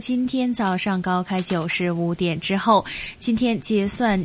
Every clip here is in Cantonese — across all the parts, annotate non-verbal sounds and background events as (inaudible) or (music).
今天早上高開九十五點之後，今天結算。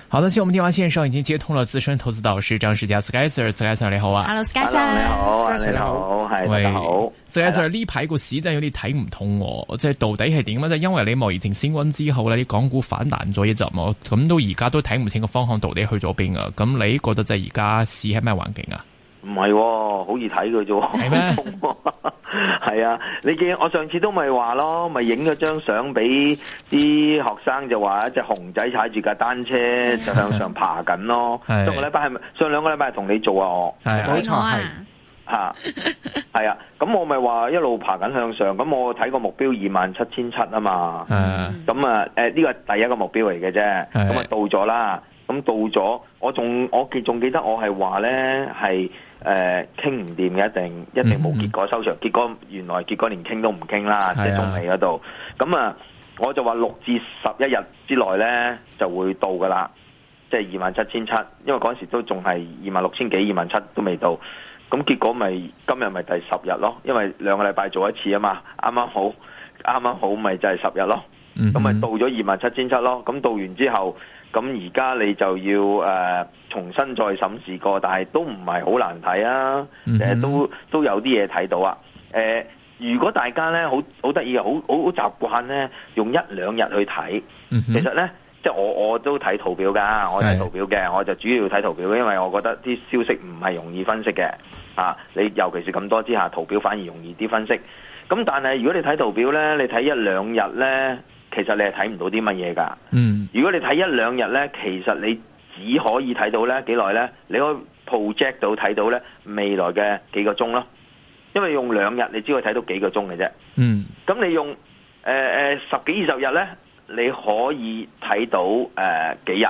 好的，現我們電話線上已經接通了資深投資導師張士佳 SkySir，SkySir，你好啊。Hello，SkySir，你好，SkySir，你好，係大家好。SkySir，呢排個市真係有啲睇唔通、哦，即係到底係點樣？即係因為你貿易戰升溫之後，咧，啲港股反彈咗一陣，咁到而家都睇唔清個方向，到底去咗邊啊？咁你覺得即係而家市係咩環境啊？唔係、哦，好易睇嘅啫。係咩？ (laughs) 係啊！你見我上次都咪話咯，咪影咗張相俾啲學生就，就話一隻熊仔踩住架單車就向上爬緊咯。 (laughs) 上個禮拜係上兩個禮拜係同你做啊，係冇錯啊。吓，係啊！咁、啊、我咪話一路爬緊向上。咁我睇個目標二萬七千七啊嘛。咁 (laughs) 啊，誒呢個係第一個目標嚟嘅啫。咁 (laughs) 啊到咗啦。咁到咗，我仲我記仲記得我係話咧係。誒、uh,，傾唔掂嘅一定一定冇結果收場，mm -hmm. 結果原來結果連傾都唔傾啦，yeah. 即係仲未嗰度。咁啊，我就話六至十一日之內呢就會到㗎喇，即係二萬七千七，因為嗰時都仲係二萬六千幾、二萬七都未到。咁結果咪、就是、今日咪第十日咯，因為兩個禮拜做一次啊嘛，啱啱好，啱啱好咪就係十日咯。咁、mm、咪 -hmm. 到咗二萬七千七咯，咁到完之後。咁而家你就要誒、呃、重新再審視過，但係都唔係好難睇啊，誒、嗯、都都有啲嘢睇到啊。誒、呃，如果大家咧好好得意，好好習慣咧，用一兩日去睇、嗯，其實咧即係我我都睇圖表㗎，我睇圖表嘅，我就主要睇圖表，因為我覺得啲消息唔係容易分析嘅啊。你尤其是咁多之下，圖表反而容易啲分析。咁但係如果你睇圖表咧，你睇一兩日咧。其實你係睇唔到啲乜嘢㗎。嗯，如果你睇一兩日咧，其實你只可以睇到咧幾耐咧，你可以 project 到睇到咧未來嘅幾個鐘咯。因為用兩日你只可以睇到幾個鐘嘅啫。嗯，咁你用誒誒、呃、十幾二十日咧，你可以睇到誒、呃、幾日。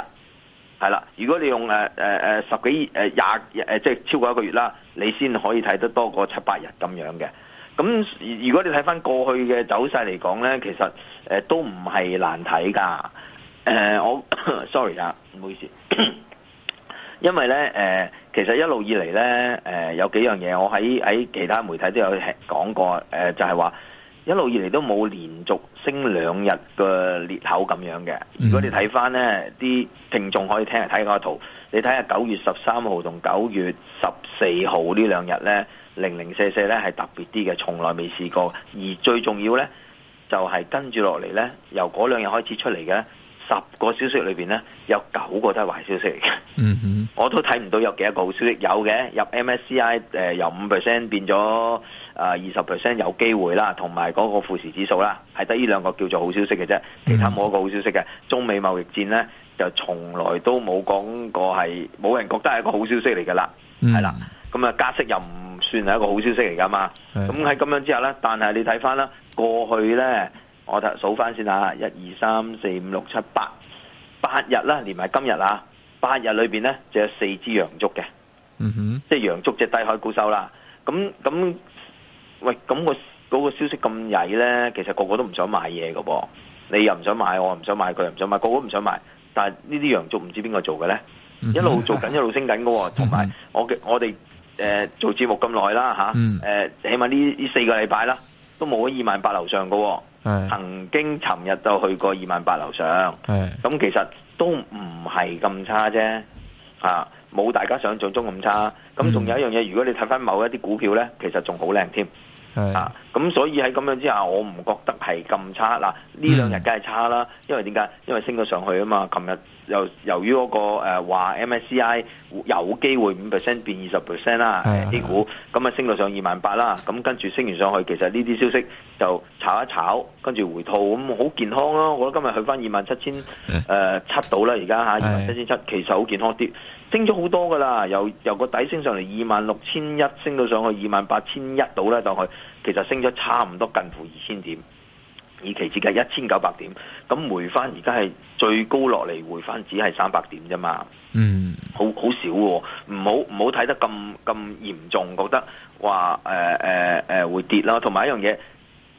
係啦，如果你用誒誒誒十幾誒廿日誒即係超過一個月啦，你先可以睇得多過七八日咁樣嘅。咁如果你睇翻過去嘅走勢嚟講呢，其實、呃、都唔係難睇噶。誒、呃、我 (coughs) Sorry 啦，唔好意思。 (coughs) 因為呢，呃、其實一路以嚟呢、呃，有幾樣嘢，我喺喺其他媒體都有講過。呃、就係、是、話一路以嚟都冇連續升兩日嘅裂口咁樣嘅。如果你睇翻呢，啲聽眾可以聽嚟睇個圖。你睇下九月十三號同九月十四號呢兩日呢，零零舍舍呢係特別啲嘅，從來未試過。而最重要呢，就係跟住落嚟呢，由嗰兩日開始出嚟嘅十個消息裏面呢，有九個都係壞消息嚟嘅。Mm -hmm. 我都睇唔到有幾多個好消息。有嘅入 MSCI、呃、由五 percent 變咗啊二十 percent 有機會啦，同埋嗰個富時指數啦，係得呢兩個叫做好消息嘅啫。其他冇一個好消息嘅、mm -hmm. 中美貿易戰呢。就從來都冇講過，係冇人覺得係一個好消息嚟噶啦，係、嗯、啦，咁啊加息又唔算係一個好消息嚟噶嘛，咁喺咁樣之後呢，但係你睇翻啦，過去呢，我睇數翻先啊，一二三四五六七八八日啦，連埋今日啊，八日裏邊呢，就有四支羊竹嘅、嗯，即係羊竹就是低開高收啦，咁咁喂，咁、嗰個、嗰個消息咁曳呢，其實個個都唔想買嘢噶噃，你又唔想買，我唔想買，佢又唔想買，個個唔想買。但呢啲洋族唔知邊個做嘅呢，一路做緊一路升緊嘅，同 (laughs) 埋我嘅 (laughs) 我哋、呃、做節目咁耐啦吓、起碼呢呢四個禮拜啦，都冇喺二萬八樓上喎。 (laughs) 曾經尋日就去過二萬八樓上，咁 (laughs) 其實都唔係咁差啫，冇、啊、大家想象中咁差，咁仲有一樣嘢，如果你睇翻某一啲股票呢，其實仲好靚添。啊！咁、嗯、所以喺咁樣之下，我唔覺得係咁差啦。呢兩日梗係差啦，因為點解？因為升咗上去啊嘛。琴日。由由於嗰、那個誒話、呃、MSCI 有機會五 percent 變二十 percent 啦，誒 A、 (music) 呃、股咁啊升到上二萬八啦，咁跟住升完上去，其實呢啲消息就炒一炒，跟住回吐咁好健康咯。我覺得今日去返二萬七千誒七度啦，而家嚇二萬七千七，啊、其實好健康啲，升咗好多噶啦。由由個底升上嚟二萬六千一，升到上去二萬八千一度咧，當佢其實升咗差唔多近乎二千點。以期指計一千九百點，咁回翻而家係最高落嚟，回翻只係三百點啫嘛。嗯，好好少喎，唔好唔好睇得咁咁嚴重，覺得話誒誒誒會跌啦。同埋一樣嘢，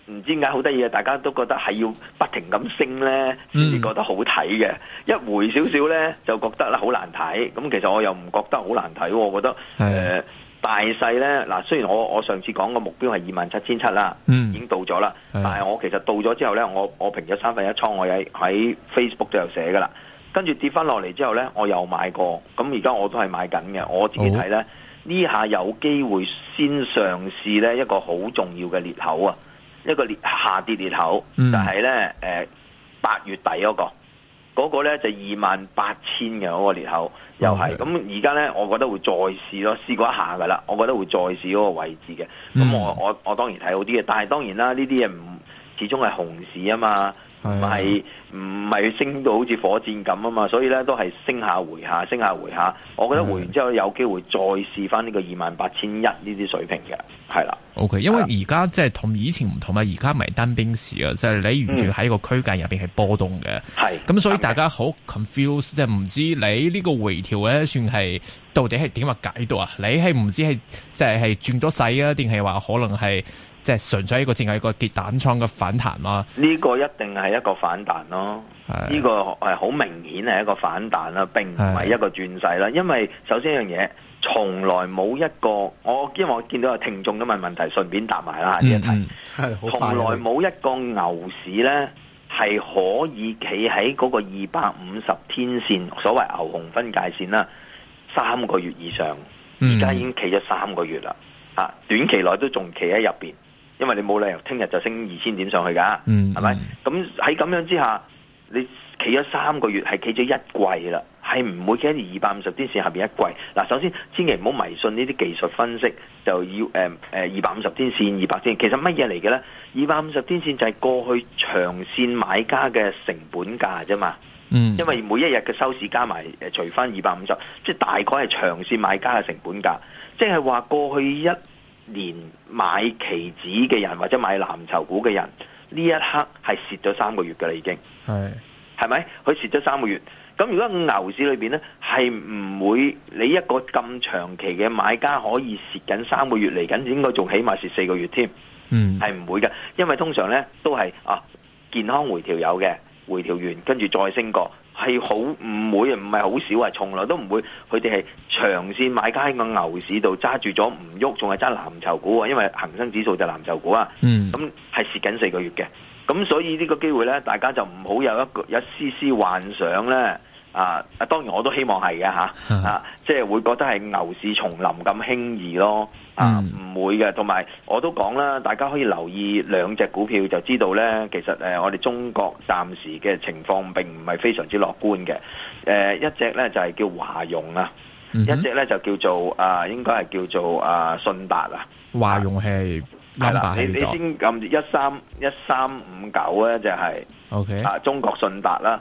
唔知點解好得意啊！大家都覺得係要不停咁升咧，先至覺得好睇嘅、嗯。一回少少咧，就覺得啦好難睇。咁其實我又唔覺得好難睇喎，我覺得誒。嗯大細呢，嗱，雖然我我上次講個目標係二萬七千七啦，已經到咗啦。但係我其實到咗之後呢，我我平咗三分一倉，我喺喺 Facebook 都有寫噶啦。跟住跌翻落嚟之後呢，我又買過。咁而家我都係買緊嘅。我自己睇呢，呢下有機會先嘗試呢一個好重要嘅裂口啊，一個裂下跌裂口，嗯、就係呢，誒，八月底嗰個。嗰、那個咧就二萬八千嘅嗰個裂口又係咁而家咧，我覺得會再試咯，試過一下㗎啦，我覺得會再試嗰個位置嘅。咁、嗯、我我我當然睇好啲嘅，但係當然啦，呢啲嘢唔始終係熊市啊嘛。唔係唔係升到好似火箭咁啊嘛，所以咧都係升下回下，升下回下。我覺得回完之後有機會再試翻呢個二萬八千一呢啲水平嘅，係啦、啊。OK，因為而家即係同以前唔同啊，而家唔係單邊市啊，即係你完全喺個區間入邊係波動嘅。係、嗯、咁，所以大家好 confused，即係唔知你呢個回調咧，算係到底係點啊解讀啊？你係唔知係即係係轉咗勢啊，定係話可能係？即係純粹一個淨係一個跌蛋倉嘅反彈啦，呢個一定係一個反彈咯。呢、啊、個係好明顯係一個反彈啦，並唔係一個轉勢啦。啊、因為首先一樣嘢，從來冇一個我，因為我見到有聽眾咁問問題，順便答埋啦呢一題。係、嗯嗯、從來冇一個牛市呢，係可以企喺嗰個二百五十天線，所謂牛熊分界線啦，三個月以上，而家已經企咗三個月啦。啊、嗯，短期內都仲企喺入邊。因為你冇理由聽日就升二千點上去噶，嗯、係咪？咁喺咁樣之下，你企咗三個月係企咗一季啦，係唔會企喺二百五十天線下邊一季。嗱，首先千祈唔好迷信呢啲技術分析，就要誒誒二百五十天線二百天線，其實乜嘢嚟嘅咧？二百五十天線就係過去長線買家嘅成本價啫嘛。嗯，因為每一日嘅收市加埋誒除翻二百五十，即係大概係長線買家嘅成本價，即係話過去一。連買期指嘅人或者買藍籌股嘅人，呢一刻係蝕咗三個月噶啦，已經係，係咪？佢蝕咗三個月。咁如果牛市裏邊呢，係唔會你一個咁長期嘅買家可以蝕緊三個月嚟緊，來應該仲起碼蝕四個月添。嗯，係唔會嘅，因為通常呢都係啊健康回調有嘅，回調完跟住再升過。係好唔會，唔係好少啊！從來都唔會，佢哋係長線買家喺個牛市度揸住咗唔喐，仲係揸藍籌股啊！因為恒生指數就藍籌股啊，嗯，咁係蝕緊四個月嘅，咁所以這個機，呢個機會咧，大家就唔好有一個有一絲絲幻想咧。啊啊！當然我都希望係嘅嚇，啊，即係會覺得係牛市重臨咁輕易咯，啊，唔、嗯、會嘅。同埋我都講啦，大家可以留意兩隻股票，就知道咧，其實誒、啊，我哋中國暫時嘅情況並唔係非常之樂觀嘅。誒，一隻咧就係叫華融啊，一隻咧就、嗯、就叫做啊，應該係叫做啊，信達啊。華融係，係、啊、啦，你先咁一三一三五九咧，就係 OK 啊，中國信達啦。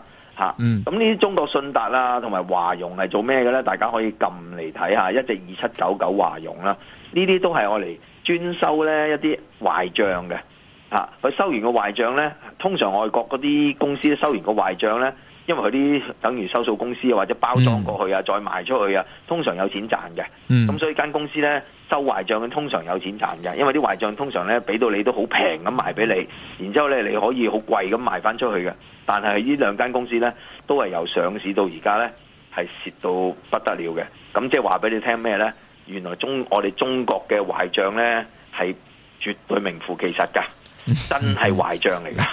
咁呢啲中國信達啦、啊，同埋華融係做咩嘅咧？大家可以撳嚟睇下，一隻二七九九華融啦、啊，呢啲都係我嚟專收咧一啲壞賬嘅，佢、啊、收完個壞賬咧，通常外國嗰啲公司收完個壞賬咧，因為佢啲等於收數公司或者包裝過去啊，再賣出去啊，通常有錢賺嘅，咁、嗯、所以間公司咧。收壞賬通常有錢賺嘅，因為啲壞賬通常咧俾到你都好平咁賣俾你，然之後咧你可以好貴咁賣翻出去嘅。但係呢兩間公司咧都係由上市到而家咧係蝕到不得了嘅。咁即係話俾你聽咩呢？原來中我哋中國嘅壞賬咧係絕對名副其實㗎， (laughs) 真係壞賬嚟㗎。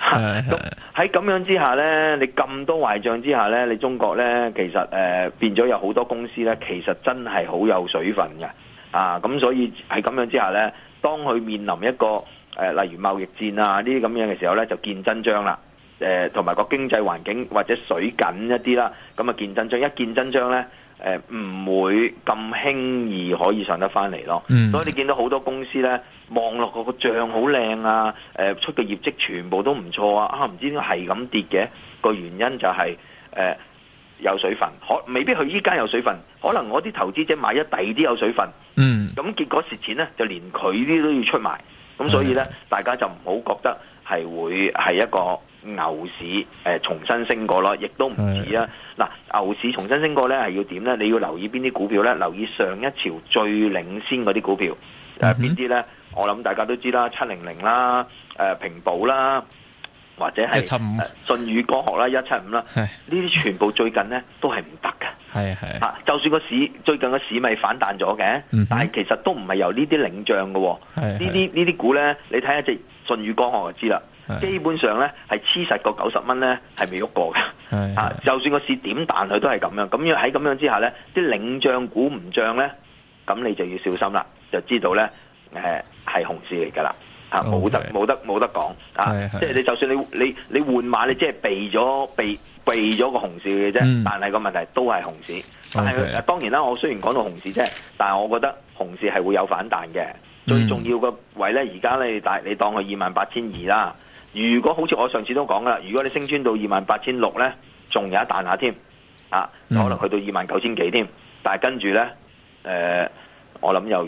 咁喺咁樣之下呢，你咁多壞賬之下呢，你中國呢，其實、呃、變咗有好多公司呢，其實真係好有水份㗎。啊，咁所以喺咁樣之下呢，當佢面臨一個誒、呃，例如貿易戰啊呢啲咁樣嘅時候呢，就見真章啦。誒、呃，同埋個經濟環境或者水緊一啲啦，咁啊見真章。一見真章呢，唔、呃、會咁輕易可以上得翻嚟咯、嗯。所以你見到好多公司呢，望落個個賬好靚啊，誒、呃、出嘅業績全部都唔錯啊，啊唔知點解係咁跌嘅個原因就係、是、誒、呃、有水分，可未必佢依家有水分，可能我啲投資者買咗第二啲有水分。嗯，咁結果蝕錢咧，就連佢啲都要出賣，咁所以咧，大家就唔好覺得係會係一個牛市誒、呃，重新升過咯，亦都唔似啊！嗱，牛市重新升過咧係要點咧？你要留意邊啲股票咧？留意上一朝最領先嗰啲股票誒，邊啲咧？我諗大家都知700啦，七零零啦，誒，平保啦，或者係、呃、舜宇光學啦，一七五啦，呢啲全部最近咧都係唔得㗎。係係吓，就算個市最近個市咪反彈咗嘅，mm -hmm. 但係其實都唔係由象 (noise) 呢啲領漲嘅，呢啲呢啲股咧，你睇下隻舜宇光學就知啦。 (noise) 基本上咧係黐實個九十蚊咧係未喐過嘅，吓， (laughs) (noise) (noise) 就算個市點彈佢都係咁樣。咁樣喺咁樣之下咧，啲領漲股唔漲咧，咁你就要小心啦，就知道咧，誒係熊市嚟噶啦，吓、okay. 冇得冇得冇得講啊！ (noise) (noise) (noise) 即係你就算你你你換碼，你即係避咗避。避咗個熊市嘅啫、嗯，但係個問題都係熊市。但係、okay. 當然啦，我雖然講到熊市啫，但係我覺得熊市係會有反彈嘅。最、嗯、重要個位置呢，而家呢但係你當佢二萬八千二啦。如果好似我上次都講啦，如果你升穿到二萬八千六呢，仲有一彈下添啊，嗯、可能去到二萬九千幾添。但係跟住呢，誒、呃，我諗又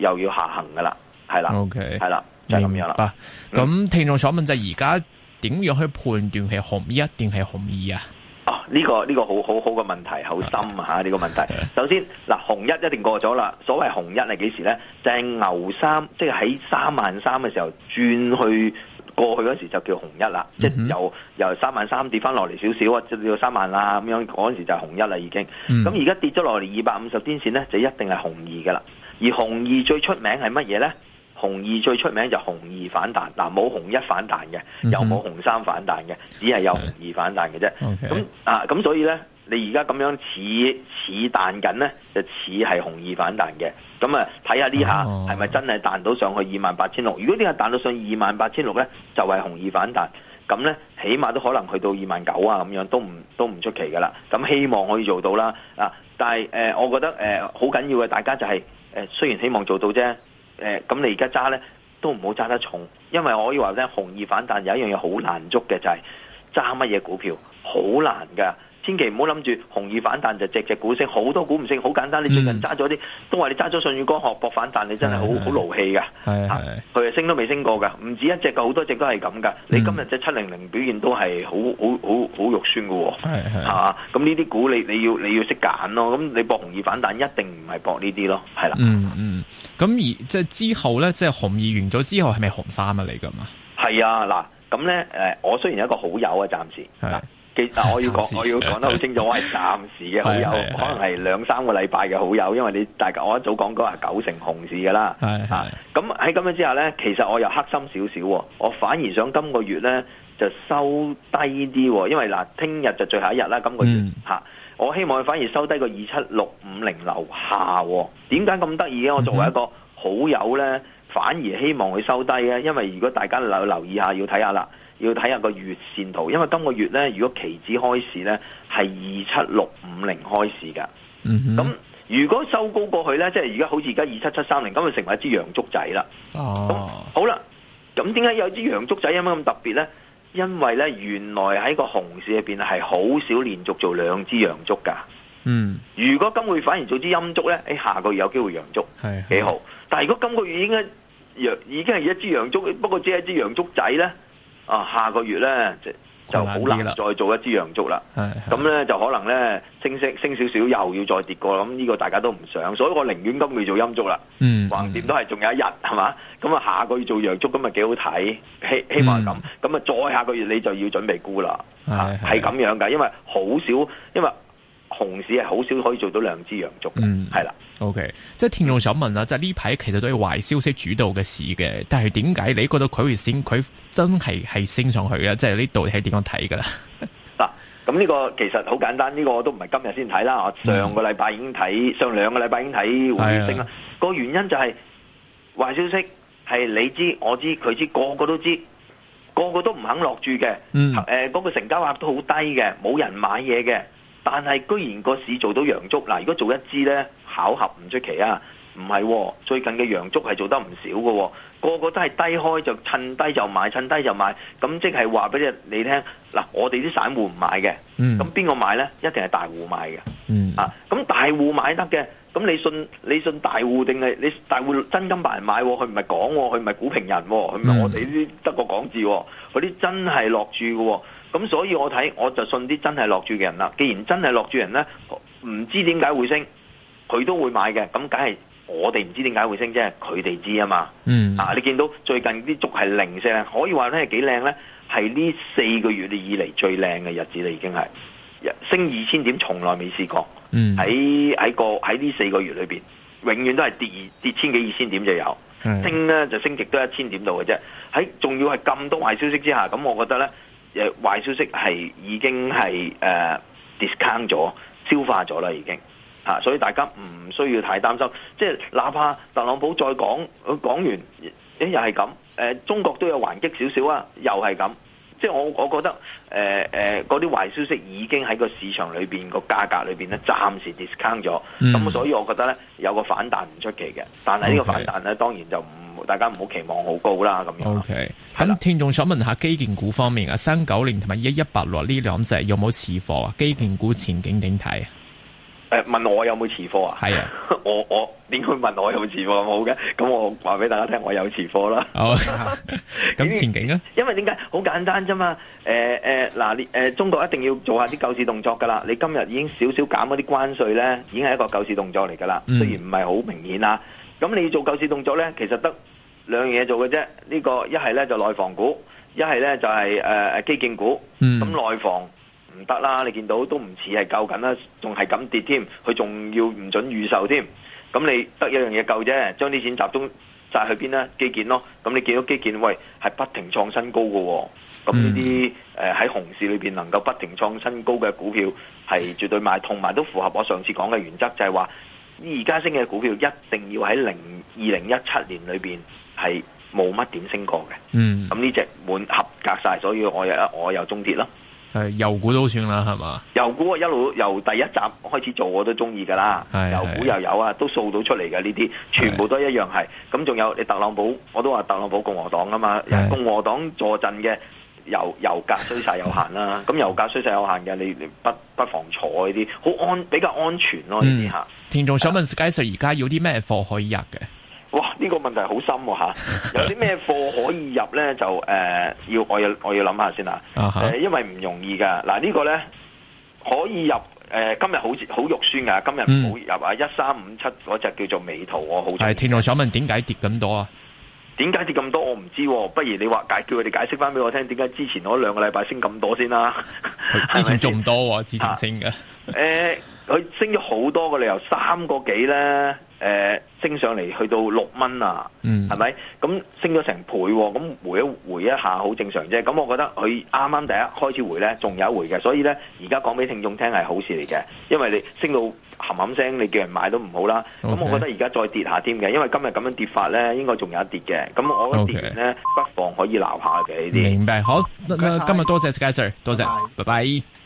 要又要下行噶啦，係啦，係、okay. 啦，就係、是、咁樣啦。咁聽眾所問就而、是、家。點樣去判斷係紅一定係紅二啊？哦、啊，呢、這個呢、這個很很好好好嘅問題，好深啊！呢、這個問題， (laughs) 首先嗱，紅一一定過咗啦。所謂紅一係幾時候呢？就係、是、牛三，即係喺三萬三嘅時候轉去過去嗰時候就叫紅一啦、嗯。即係由由三萬三跌翻落嚟少少啊，跌到三萬啦咁樣，嗰時就係紅一啦已經。咁而家跌咗落嚟二百五十天線呢，就一定係紅二噶啦。而紅二最出名係乜嘢呢？熊二最出名就熊二反彈，嗱冇熊一反彈嘅，又冇熊三反彈嘅，只係有熊二反彈嘅啫。咁、Mm-hmm. Okay. 啊，咁所以呢，你而家咁樣似似彈緊呢，就似係熊二反彈嘅。咁啊，睇下呢下係咪真係彈到上去二萬八千六？Oh. 如果呢下彈到上二萬八千六呢，就係、是、熊二反彈。咁呢，起碼都可能去到二萬九啊，咁樣都唔都唔出奇㗎喇。咁希望可以做到啦。啊，但係誒、呃，我覺得誒好緊要嘅，大家就係、是、誒、呃，雖然希望做到啫。咁、嗯、你而家揸呢都唔好揸得重，因為我可以話呢，紅二反彈有一樣嘢好難捉嘅，就係揸乜嘢股票好難噶。千祈唔好諗住紅二反彈就隻隻股升，好多股唔升。好簡單，你最近揸咗啲都話你揸咗信譽光學博反彈，你真係好好勞氣噶。係啊，佢係升都未升過噶，唔止一隻噶，好多隻都係咁噶。你今日隻七零零表現都係好好好好肉酸噶。係係嚇，咁呢啲股你你要你要識揀咯。咁你博紅二反彈一定唔係博呢啲咯。係啦。嗯嗯。咁而即係之後咧，即係紅二完咗之後，係咪紅三啊？你咁嘛？係啊，嗱，咁咧，誒，我雖然有一個好友啊，暫時係。其實我要講，我要講得好清楚，我係暫時嘅好友，可能係兩三個禮拜嘅好友。因為你大家我一早講過係九成熊市嘅啦，係吓。咁喺咁樣之下咧，其實我又黑心少少，我反而想今個月咧就收低啲，因為嗱，聽日就最後一日啦。今個月吓、嗯啊，我希望佢反而收低個二七六五零樓下。點解咁得意嘅？我作為一個好友咧，反而希望佢收低呢，因為如果大家留留意一下，要睇下啦。要睇下個月線圖，因為今個月咧，如果期指開市咧，係二七六五零開市㗎。咁、嗯、如果收高過去咧，即係而家好似而家二七七三零，咁就成為一支陽燭仔啦。哦，咁好啦，咁點解有支陽燭仔咁樣咁特別咧？因為咧，原來喺個熊市入邊係好少連續做兩支陽燭噶。嗯，如果今個月反而做支陰燭咧、哎，下個月有機會陽燭，幾好。但係如果今個月應該，陽已經已經係一支陽燭不過只係一支陽燭仔咧。啊，下個月咧就就好難再做一支陽燭啦。係，咁咧就可能咧升升升少少，又要再跌過。咁呢個大家都唔想，所以我寧願今個月做陰燭啦。嗯，橫掂都係仲有一日，係嘛？咁，啊下個月做陽燭咁咪幾好睇？希希望咁，咁、嗯、啊再下個月你就要準備沽啦。係係咁樣噶，因為好少，因為。紅市係好少可以做到兩支陽燭嘅，係、嗯、啦。OK，即係聽眾想問啦，即係呢排其實都係壞消息主導嘅市嘅，但係點解你覺得佢會升？佢真係係升上去嘅？即係呢度係點樣睇㗎啦？嗱、啊，咁呢個其實好簡單，呢、這個我都唔係今日先睇啦，我上個禮拜已經睇、嗯，上兩個禮拜已經睇回升啦。那個原因就係、是、壞消息係你知我知佢知，個個都知，個個都唔肯落注嘅。嗯，誒、呃，嗰、那個成交額都好低嘅，冇人買嘢嘅。但係居然個市做到陽燭嗱，如果做一支咧，巧合唔出奇啊，唔係、啊、最近嘅陽燭係做得唔少喎、啊，個個都係低開就趁低就買，趁低就買，咁即係話俾你聽嗱，我哋啲散戶唔買嘅，咁邊個買呢？一定係大戶買嘅，嗯、啊，咁大戶買得嘅，咁你信你信大戶定係你大戶真金白銀買？買，佢唔係講，佢唔係股評人，佢唔係我哋呢啲得個講字，佢啲真係落注嘅。咁所以我，我睇我就信啲真係落注嘅人啦。既然真係落注人呢，唔知點解會升，佢都會買嘅。咁梗係我哋唔知點解會升，即係佢哋知啊嘛。嗯，啊，你見到最近啲族係零聲，可以話咧係幾靚呢？係呢四個月以嚟最靚嘅日子啦，已經係升二千點，從來未試過。喺、嗯、喺個喺呢四個月裏面，永遠都係跌二跌千幾二千點就有，升呢就升極都一千點度嘅啫。喺仲要係咁多壞消息之下，咁我覺得呢。誒、啊、壞消息係已經係誒 discount 咗、消化咗啦，已經,、呃已經啊、所以大家唔需要太擔心。即係哪怕特朗普再講，講、啊、完、啊、又係咁，誒、呃、中國都有還擊少少啊，又係咁。即係我我覺得誒誒嗰啲壞消息已經喺個市場裏邊個價格裏邊咧，暫時 discount 咗。咁、嗯、所以我覺得咧有個反彈唔出奇嘅，但係呢個反彈咧、okay. 當然就唔。大家唔好期望好高啦，咁樣。O K，咁聽眾想問下基建股方面啊，三九零同埋一一八六呢兩隻有冇持貨啊？基建股前景點睇？誒，問我有冇持貨啊？係啊， (laughs) 我我點會問我有持貨冇嘅？咁我話俾大家聽，我有持貨啦。好，咁前景呢？因為點解？好簡單啫嘛。誒、呃、誒，嗱你誒，中國一定要做下啲救市動作噶啦。你今日已經少少減嗰啲關稅咧，已經係一個救市動作嚟噶啦。雖然唔係好明顯啦，咁你要做救市動作咧，其實得。兩樣嘢做嘅啫，呢、這個一係咧就內房股，一係咧就係、是、誒、呃、基建股。咁、嗯、內房唔得啦，你見到都唔似係救緊啦，仲係咁跌添，佢仲要唔准預售添。咁你得一樣嘢夠啫，將啲錢集中晒去邊呢？基建咯。咁你見到基建，喂，係不停創新高噶、哦。咁呢啲誒喺熊市裏邊能夠不停創新高嘅股票，係絕對賣。同埋都符合我上次講嘅原則，就係、是、話。而家升嘅股票一定要喺零二零一七年裏邊係冇乜點升過嘅，咁呢隻滿合格晒，所以我又我又中鐵咯，係油股都算啦，係嘛？油股我一路由第一集開始做我都中意㗎喇，油股又有啊，都掃到出嚟嘅呢啲，全部都一樣係。咁仲有你特朗普，我都話特朗普共和黨啊嘛，共和黨坐鎮嘅。油油價衰勢有限啦、啊，咁油價衰勢有限嘅，你不不妨坐呢啲好安比較安全咯呢啲吓。聽眾想問，SkySir 而家有啲咩貨可以入嘅？哇，呢、這個問題好深吓、啊， (laughs) 有啲咩貨可以入咧？就誒，要、呃、我要我要諗下先、啊、啦、uh -huh. 呃。因為唔容易噶。嗱、啊，這個、呢個咧可以入誒、呃，今日好似好肉酸㗎。今日唔好入啊！一三五七嗰隻叫做美圖，我好。係聽眾想問，點解跌咁多啊？點解跌咁多？我唔知、啊，不如你話解，叫佢哋解釋翻俾我聽，點解之前嗰兩個禮拜升咁多先、啊、啦？之前仲多、啊，之 (laughs) 前、啊呃、升嘅。誒，佢升咗好多嘅理由，三個幾咧，誒、呃，升上嚟去到六蚊啊，係、嗯、咪？咁升咗成倍、啊，咁回一回一下好正常啫。咁我覺得佢啱啱第一開始回咧，仲有一回嘅，所以咧而家講俾聽眾聽係好事嚟嘅，因為你升到。冚冚聲，你叫人買都唔好啦。咁、okay. 我覺得而家再跌下添嘅，因為今日咁樣跌法咧，應該仲有一跌嘅。咁我覺得跌完呢、okay. 不妨可以撈下嘅呢啲。明白，好，謝謝今日多謝 Sky Sir，多謝，拜拜。拜拜。